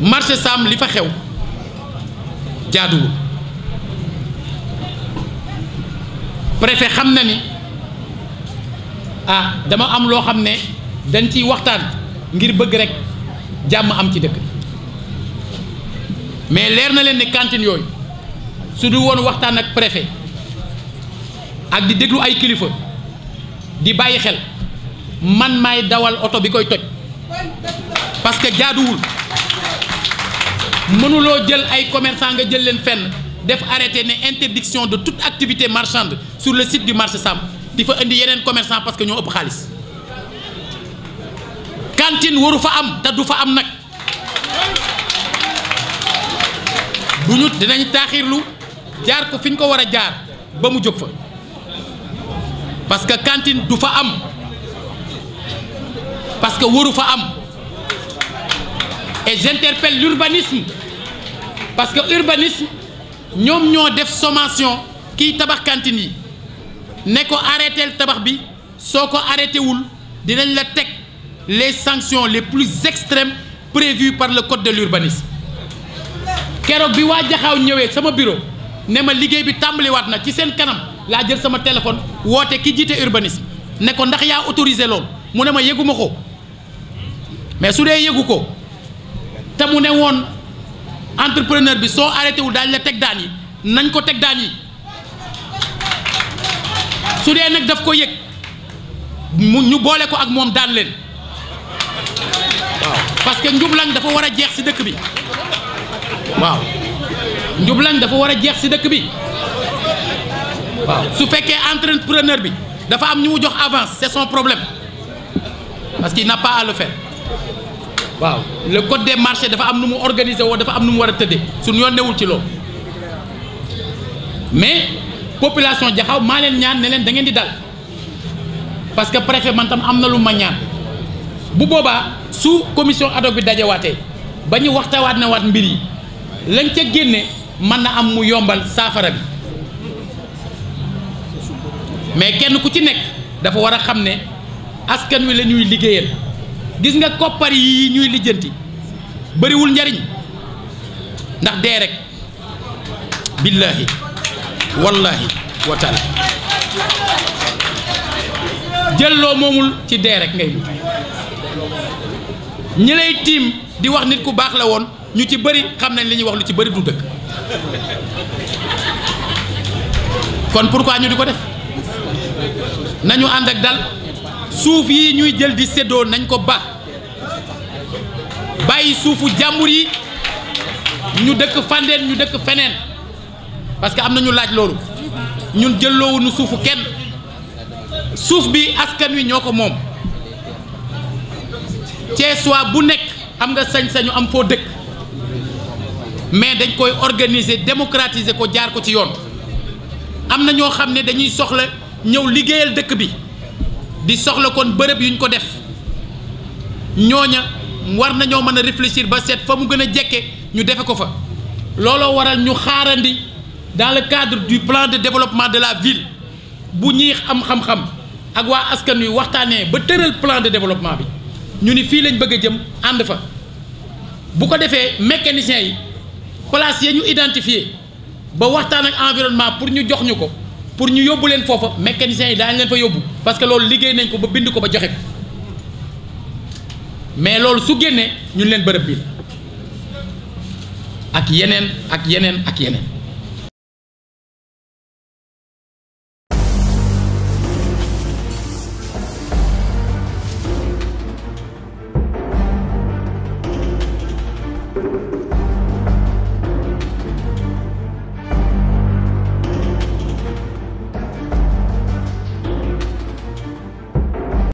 marché Sam li fa xew jaaduwul préfet xam na ni ah dama am loo xam ne dañ ciy waxtaan ngir bëgg rek jàmm am ci dëkk mais leer na leen ne cantine yooyu su du woon waxtaan ak préfet ak di déglu ay kilifa di bàyyi xel man maay dawal oto bi koy toj parce jaaduwul. mënuloo jël ay commerçant nga jël leen fenn def arrêté ne interdiction de toute activité marchande sur le site du marché Sam di fa indi yeneen commerçant parce que ñoo ëpp xaalis cantine waru fa am te du fa am nag bu ñu dinañ taaxirlu jaar ko fi ñu ko war a jaar ba mu jóg fa parce que cantine du fa am parce que waru fa am et j'interpelle l'urbanisme parce que urbanisme ñoom ñoo def sommation kiy tabax cantine yi ne ko arrêteel tabax bi soo ko arrêté wul dinañ la teg les sanctions les plus extrêmes prévues par le code de l'urbanisme keroog bi waa jaxaaw ñëwee sama bureau ne ma liggéey bi tàmbaliwaat na ci seen kanam laa jël sama téléphone woote ki jiite urbanisme ne ko ndax yaa autorisé lool mu ne ma yëgu ma ko mais su dee yëgu ko. te mu ne woon entrepreneur bi soo arrêté wul daañu la teg daan yi nañ ko teg daan yi su dee nag daf ko yëg mu ñu boole ko ak moom daal leen waaw parce que njublañ dafa war a jeex si dëkk bi waaw njublañ dafa war a jeex si dëkk bi waaw su fekkee entrepreneur bi dafa am ñu mu jox avance c'est son problème parce qu'il n'a pas waaw le code des marchés dafa am nu mu organiser woo dafa am nu mu war a tëddee suñu yoon newul ci loolu mais population jaxaw maa leen ñaan ne leen da ngeen di dal parce que préfet man tam am na lu ma ñaan bu boobaa su commission ado hoc bi dajewaatee ba ñu waxtawaat na waat mbir yi lañ ca génne mën na am mu yombal saafara bi mais kenn ku ci nekk dafa war a xam ne askan wi la ñuy liggéeyal. gis nga koppar yi ñuy lijjanti bariwul njariñ ndax dee rek billaahi wallaahi wa taala jëlloo moomul ci dee rek ngay mujj ñi lay tiim di wax nit ku baax la woon ñu ci bari xam nañ li ñuy wax lu ci bëri du dëkk kon pourquoi ñu di ko def nañu ànd ak dal suuf yi ñuy jël di séddoo nañ ko ba bàyyi suufu jàmbur yi ñu dëkk fàndeen ñu dëkk feneen parce que am na ñu laaj loolu ñun jëlloowuñu suufu kenn suuf bi askan wi ñoo ko moom Ceesuwaa bu nekk am nga sañ-sañu am foo dëkk mais dañ koy organiser démocratiser ko jaar ko ci yoon am na ñoo xam ne dañuy soxla ñëw liggéeyal dëkk bi di soxla kon bërëb ñu ko def ñooña war nañoo mën a réfléchir ba seet fa mu gën a jekke ñu defe ko fa looloo waral ñu xaarandi dans le cadre du plan de développement de la ville bu ñuy am xam-xam ak waa askan wi waxtaanee ba tëral plan de développement bi ñu ni fii lañ bëgg a jëm ànd fa bu ko defee mécaniciens yi place ya ñu identifié ba waxtaan ak environnement pour ñu jox ñu ko pour ñu yóbbu leen foofa mécaniciens yi daañu leen fa yóbbu parce que loolu liggéey nañ ko ba bind ko ba joxe ko mais loolu su génnee ñun leen bërëb bi la ak yeneen ak yeneen ak yeneen.